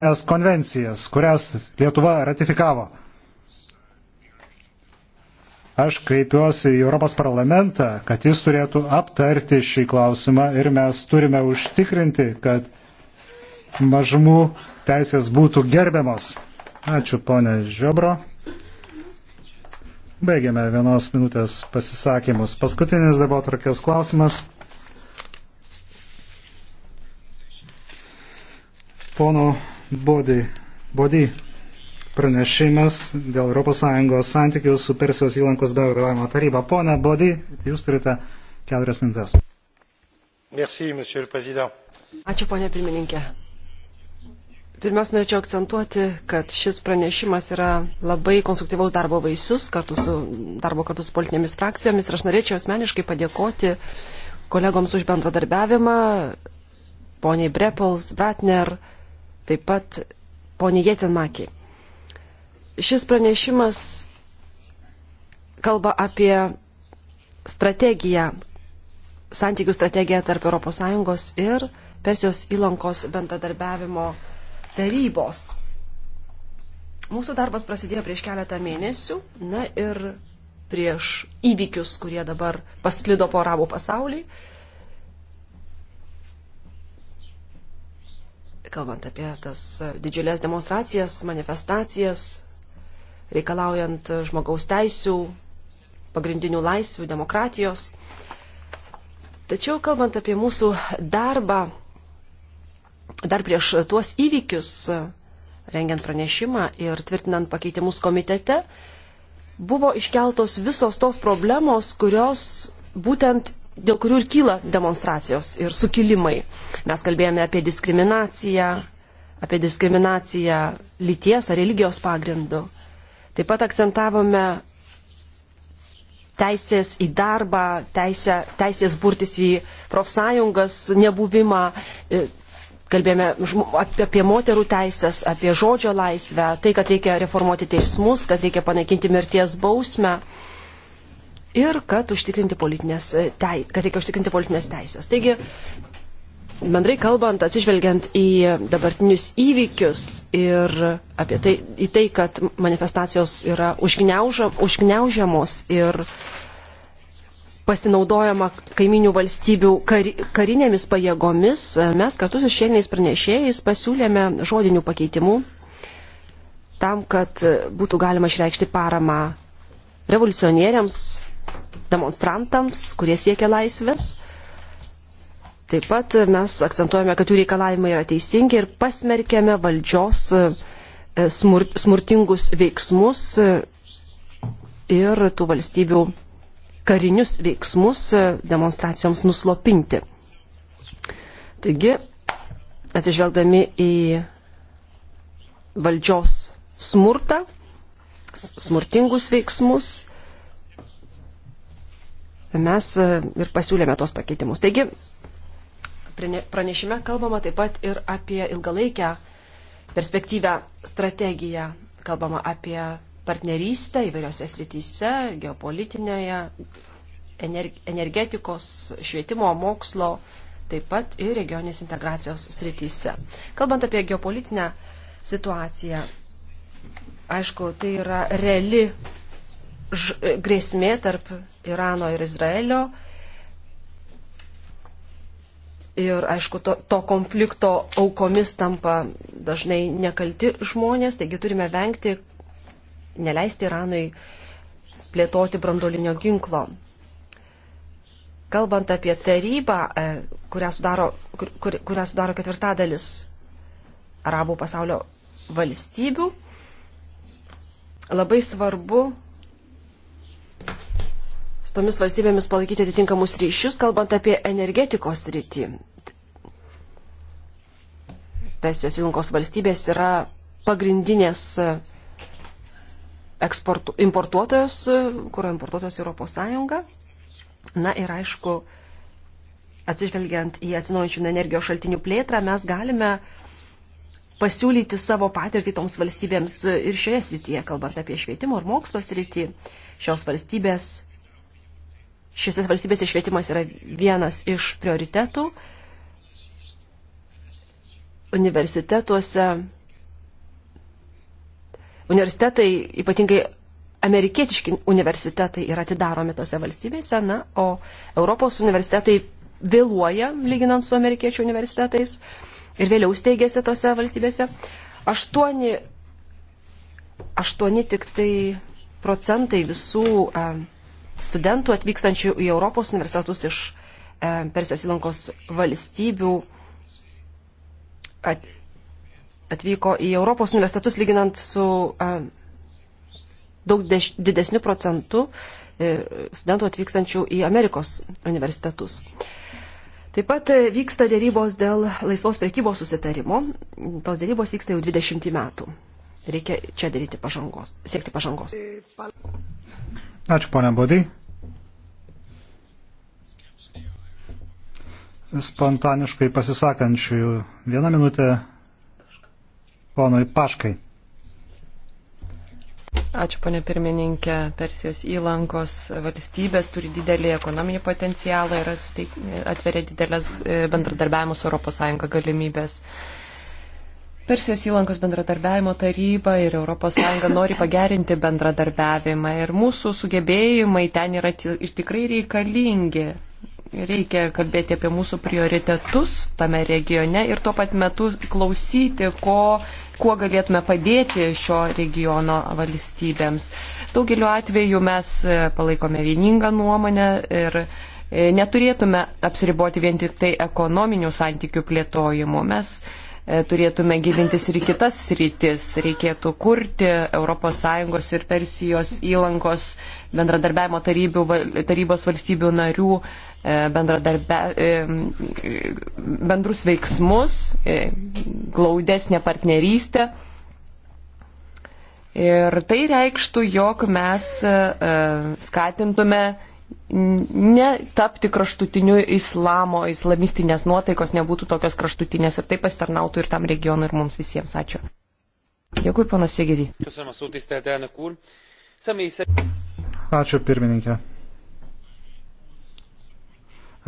es konvencijas, kurias Lietuva ratifikavo. Aš kreipiuosi į Europos parlamentą, kad jis turėtų aptarti šį klausimą ir mes turime užtikrinti, kad mažumų teisės būtų gerbiamos. Ačiū, ponė Žiobro. Baigiame vienos minutės pasisakymus. Paskutinis dabar trakės klausimas. Pono Bodį. Bodį pranešimas dėl ES santykių su Persijos įlankos bendravimo taryba. Pone Bodį, jūs turite keturias minutės. Merci, Ačiū, ponė pirmininkė. Pirmiausia, norėčiau akcentuoti, kad šis pranešimas yra labai konstruktyvaus darbo vaisius, kartu su, darbo kartu su politinėmis frakcijomis. Ir aš norėčiau asmeniškai padėkoti kolegoms už bendradarbiavimą, poniai Brepols, Bratner, taip pat ponė Jėtinmakį. Šis pranešimas kalba apie strategiją, santykių strategiją tarp ES ir Persijos įlankos bendradarbiavimo tarybos. Mūsų darbas prasidėjo prieš keletą mėnesių, na ir prieš įvykius, kurie dabar pasklido po arabų pasaulį. kalbant apie tas didžiulės demonstracijas, manifestacijas, reikalaujant žmogaus teisų, pagrindinių laisvių, demokratijos. Tačiau kalbant apie mūsų darbą, dar prieš tuos įvykius, rengiant pranešimą ir tvirtinant pakeitimus komitete, buvo iškeltos visos tos problemos, kurios būtent dėl kurių ir kyla demonstracijos ir sukilimai. Mes kalbėjome apie diskriminaciją, apie diskriminaciją lyties ar religijos pagrindu. Taip pat akcentavome teisės į darbą, teisę, teisės burtis į profsąjungas nebuvimą, e, kalbėjome apie moterų teisės, apie žodžio laisvę, tai, kad reikia reformuoti teismus, kad reikia panaikinti mirties bausmę ir kad, užtikrinti politinės, e, tei, kad reikia užtikrinti politinės teisės. Taigi, bendrai kalbant, atsižvelgiant į dabartinius įvykius ir apie tai, į tai, kad manifestacijos yra užgneužiamos ir pasinaudojama kaiminių valstybių kar, karinėmis pajėgomis, e, mes kartu su šiandieniais pranešėjais pasiūlėme žodinių pakeitimų tam, kad e, būtų galima išreikšti paramą revoliucionieriams, demonstrantams, kurie siekia laisvės. Taip pat mes akcentuojame, kad jų reikalavimai yra teisingi ir pasmerkėme valdžios e, e, smurtingus veiksmus e, ir tų valstybių karinius veiksmus demonstracijoms nuslopinti. Taigi, atsižvelgdami į valdžios smurtą, smurtingus veiksmus, mes e, ir pasiūlėme tos pakeitimus. Taigi, pranešime kalbama taip pat ir apie ilgalaikę perspektyvę strategiją. Kalbama apie partnerystę įvairiose srityse, geopolitinėje, energetikos, švietimo, mokslo, taip pat ir regioninės integracijos srityse. Kalbant apie geopolitinę situaciją, aišku, tai yra reali ž, e, grėsmė tarp Irano ir Izraelio. Ir aišku, to, to konflikto aukomis tampa dažnai nekalti žmonės, taigi turime vengti, neleisti Iranui plėtoti brandolinio ginklo. Kalbant apie tarybą, e, kurią sudaro, kur, kur, kurią sudaro ketvirtadalis arabų pasaulio valstybių, labai svarbu tomis valstybėmis palaikyti atitinkamus ryšius, kalbant apie energetikos rytį. Persijos įlankos valstybės yra pagrindinės e, eksportu, importuotojos, e, kurio importuotojos Europos Sąjunga. Na ir aišku, atsižvelgiant į atsinaujančių energijos šaltinių plėtrą, mes galime pasiūlyti savo patirtį toms valstybėms e, ir šioje srityje, kalbant apie švietimo ir mokslo srity. Šios valstybės šiose valstybėse švietimas yra vienas iš prioritetų. Universitetuose, universitetai, ypatingai amerikietiški universitetai yra atidaromi tose valstybėse, na, o Europos universitetai vėluoja, lyginant su amerikiečių universitetais, ir vėliau steigėsi tose valstybėse. Aštuoni, aštuoni tik tai procentai visų uh, studentų atvykstančių į Europos universitetus iš e, Persijos įlankos valstybių atvyko į Europos universitetus lyginant su e, daug didesniu procentu e, studentų atvykstančių į Amerikos universitetus. Taip pat vyksta dėrybos dėl laisvos prekybos susitarimo. Tos dėrybos vyksta jau 20 metų. Reikia čia daryti pažangos, siekti pažangos. Ačiū, ponia Bodai. Spontaniškai pasisakančiųjų. Vieną minutę ponui Paškai. Ačiū, ponė pirmininkė. Persijos įlankos valstybės turi didelį ekonominį potencialą ir atveria didelės e, bendradarbiavimus ES galimybės. Persijos įlankos bendradarbiavimo taryba ir ES nori pagerinti bendradarbiavimą ir mūsų sugebėjimai ten yra tikrai reikalingi. Reikia kalbėti apie mūsų prioritetus tame regione ir tuo pat metu klausyti, ko, kuo galėtume padėti šio regiono valstybėms. Daugeliu atveju mes e, palaikome vieningą nuomonę ir e, neturėtume apsiriboti vien tik tai ekonominių santykių plėtojimu. Mes E, turėtume gilintis ir į kitas rytis. Reikėtų kurti ES ir Persijos įlankos bendradarbiavimo tarybių, tarybos valstybių narių e, bendradarbia, e, bendrus veiksmus, glaudesnę partnerystę. Ir tai reikštų, jog mes skatintume netapti kraštutiniu islamo, islamistinės nuotaikos nebūtų tokios kraštutinės ir tai pasitarnautų ir tam regionui, ir mums visiems. Ačiū. Dėkui, panas Jėgidį. Ačiū, pirmininkė.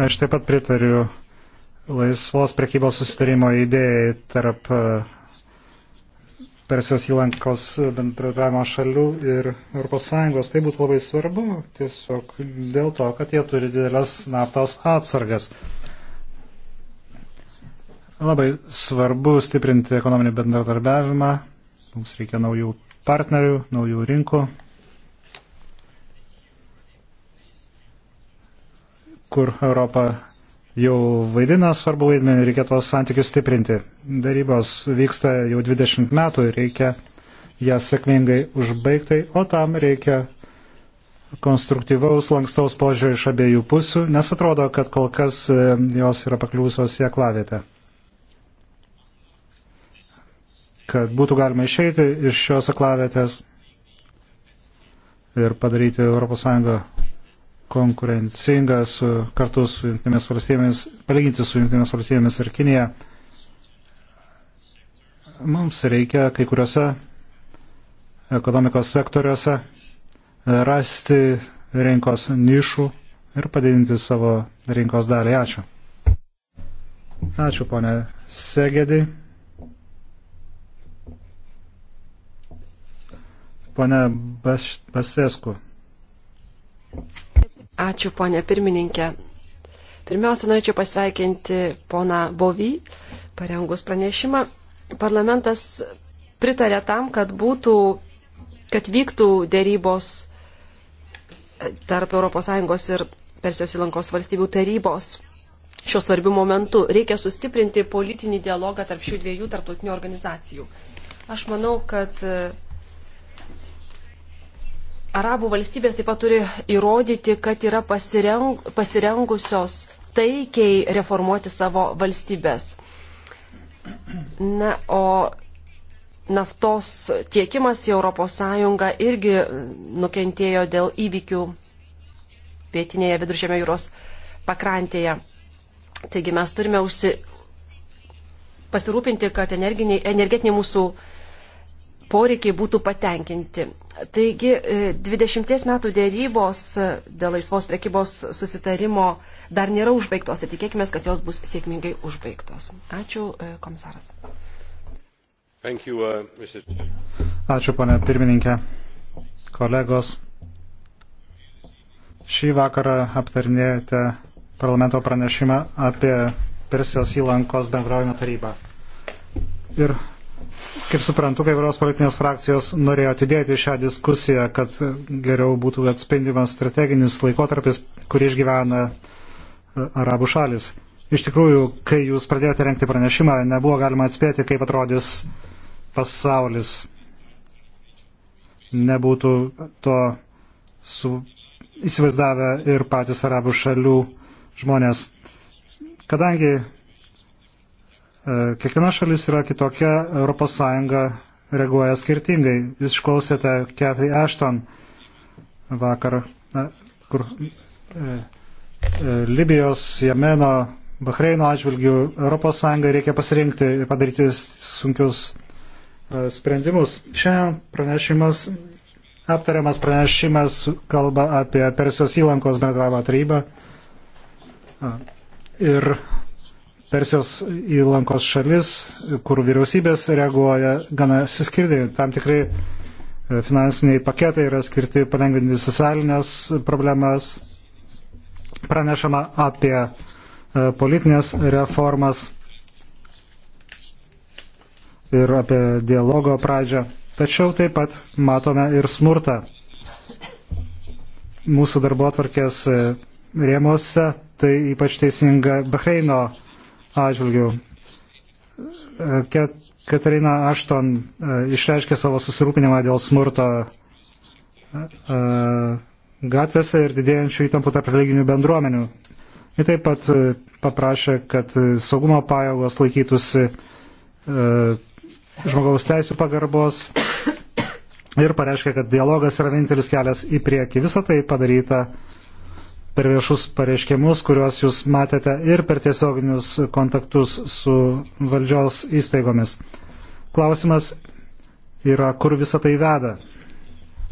Aš taip pat pritariu laisvos prekybos susitarimo idėjai tarp Persijos įlankos bendradarbiavimo šalių ir ES. Tai būtų labai svarbu tiesiog dėl to, kad jie turi didelės naftos atsargas. Labai svarbu stiprinti ekonominį bendradarbiavimą. Mums reikia naujų partnerių, naujų rinkų, kur Europa jau vaidina svarbu vaidmenį, reikia tuos santykius stiprinti. Darybos vyksta jau 20 metų ir reikia jas sėkmingai užbaigtai, o tam reikia konstruktyvaus, lankstaus požiūrio iš abiejų pusių, nes atrodo, kad kol kas e, jos yra pakliūsios į aklavietę. Kad būtų galima išeiti iš šios aklavietės ir padaryti ES konkurencinga su, kartu su Junktinėmis valstybėmis, palyginti su Junktinėmis valstybėmis ir Kinija, mums reikia kai kuriuose ekonomikos sektoriuose e, rasti rinkos nišų ir padidinti savo rinkos dalį. Ačiū. Ačiū, ponė Segedi. Pane Basesku. Bas Ačiū, ponė pirmininkė. Pirmiausia, norėčiau pasveikinti poną Bovį, parengus pranešimą. Parlamentas pritarė tam, kad būtų, kad vyktų dėrybos tarp ES ir Persijos įlankos valstybių tarybos. Šiuo svarbiu momentu reikia sustiprinti politinį dialogą tarp šių dviejų tarptautinių organizacijų. Aš manau, kad Arabų valstybės taip pat turi įrodyti, kad yra pasireng, pasirengusios taikiai reformuoti savo valstybės. Na, o naftos tiekimas į ES irgi nukentėjo dėl įvykių pietinėje viduržėmio jūros pakrantėje. Taigi mes turime užsi... pasirūpinti, kad energetiniai mūsų poreikiai būtų patenkinti. Taigi 20 e, metų dėrybos e, dėl laisvos prekybos susitarimo dar nėra užbaigtos ir tikėkime, kad jos bus sėkmingai užbaigtos. Ačiū, e, komisaras. Thank you, uh, Mr. Ačiū, ponia pirmininkė. Kolegos, šį vakarą aptarnėjate parlamento pranešimą apie Persijos įlankos bendravimo tarybą. Ir Kaip suprantu, kai kurios politinės frakcijos norėjo atidėti šią diskusiją, kad geriau būtų atspindimas strateginis laikotarpis, kurį išgyvena e, arabų šalis. Iš tikrųjų, kai jūs pradėjote renkti pranešimą, nebuvo galima atspėti, kaip atrodys pasaulis. Nebūtų to su, įsivaizdavę ir patys arabų šalių žmonės. Kadangi E, kiekviena šalis yra kitokia, ES reaguoja skirtingai. Jūs išklausėte Kathy Ashton vakar, na, kur e, e, Libijos, Jemeno, Bahreino atžvilgių ES reikia pasirinkti ir padaryti sunkius e, sprendimus. Šiandien pranešimas, aptariamas pranešimas kalba apie Persijos įlankos bendravą tarybą. Ir Persijos įlankos šalis, kur vyriausybės reaguoja gana siskirti. Tam tikrai e, finansiniai paketai yra skirti palengvinti socialinės problemas. Pranešama apie e, politinės reformas ir apie dialogo pradžią. Tačiau taip pat matome ir smurtą. Mūsų darbo atvarkės e, rėmose tai ypač teisinga Bahreino atžvilgių. Katarina Ašton e, išreiškė savo susirūpinimą dėl smurto e, gatvėse ir didėjančių įtampų tarp religinių bendruomenių. Ir taip pat e, paprašė, kad saugumo pajėgos laikytųsi žmogaus teisų pagarbos ir pareiškė, kad dialogas yra vienintelis kelias į priekį. Visą tai padaryta uh, per viešus pareiškimus, kuriuos jūs matėte ir per tiesioginius kontaktus su valdžios įstaigomis. Klausimas yra, kur visa tai veda,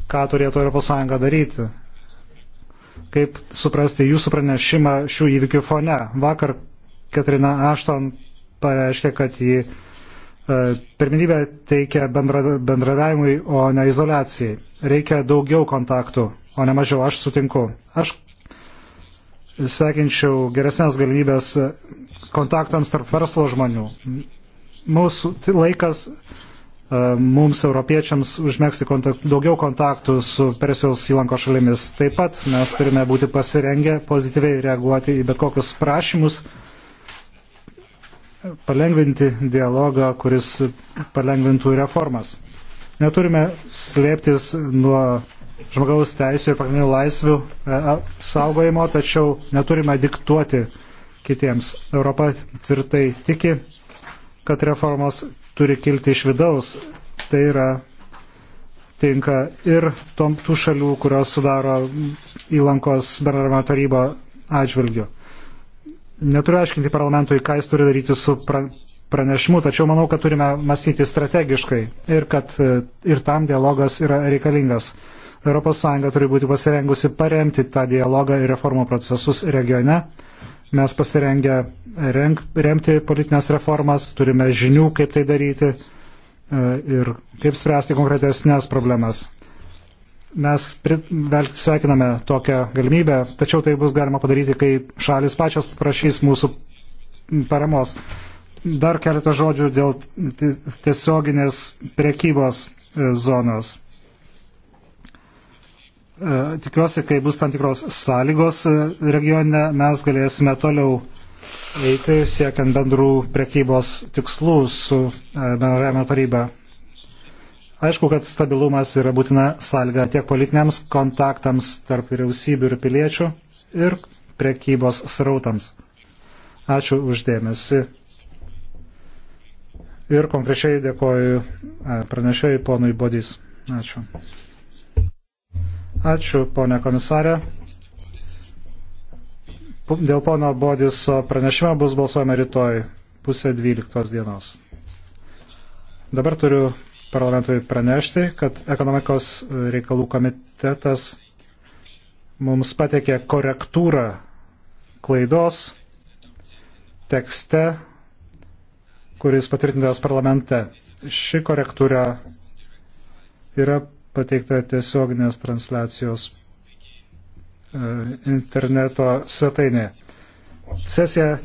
ką turėtų ES daryti, kaip suprasti jūsų pranešimą šių įvykių fone. Vakar Katrina Ašton pareiškė, kad ji e, pirminybę teikia bendra, bendravimui, o ne izolacijai. Reikia daugiau kontaktų, o ne mažiau, aš sutinku. Aš sveikinčiau geresnės galimybės kontaktams tarp verslo žmonių. Mūsų tai laikas e, mums, europiečiams, užmėgsti kontakt, daugiau kontaktų su Persijos įlanko šalimis. Taip pat mes turime būti pasirengę pozityviai reaguoti į bet kokius prašymus, palengvinti dialogą, kuris palengvintų reformas. Neturime slėptis nuo žmogaus teisų ir pagrindinių laisvių e, saugojimo, tačiau neturime diktuoti kitiems. Europa tvirtai tiki, kad reformos turi kilti iš vidaus. Tai yra tinka ir tom tų šalių, kurios sudaro įlankos bendradarbiavimo tarybą atžvilgiu. Neturiu aiškinti parlamentui, ką jis turi daryti su pranešimu, tačiau manau, kad turime mąstyti strategiškai ir kad e, ir tam dialogas yra reikalingas. ES turi būti pasirengusi paremti tą dialogą ir reformų procesus regione. Mes pasirengę renk, remti politinės reformas, turime žinių, kaip tai daryti e, ir kaip spręsti konkretesnės problemas. Mes sveikiname tokią galimybę, tačiau tai bus galima padaryti, kai šalis pačios prašys mūsų paramos. Dar keletą žodžių dėl tiesioginės prekybos e, zonos. E, tikiuosi, kai bus tam tikros sąlygos e, regione, mes galėsime toliau eiti siekiant bendrų prekybos tikslų su e, bendravimo taryba. Aišku, kad stabilumas yra būtina sąlyga tiek politiniams kontaktams tarp vyriausybių ir piliečių ir prekybos srautams. Ačiū uždėmesi. Ir konkrečiai dėkoju pranešėjai ponui Bodys. Ačiū. Ačiū, ponė komisarė. Dėl pono Bodiso pranešimo bus balsuojama rytoj pusę 12 dienos. Dabar turiu parlamentui pranešti, kad ekonomikos reikalų komitetas mums patekė korektūrą klaidos tekste, kuris patvirtintas parlamente. Ši korektūra yra pateikta tiesioginės transliacijos e, interneto svetainė. Sesija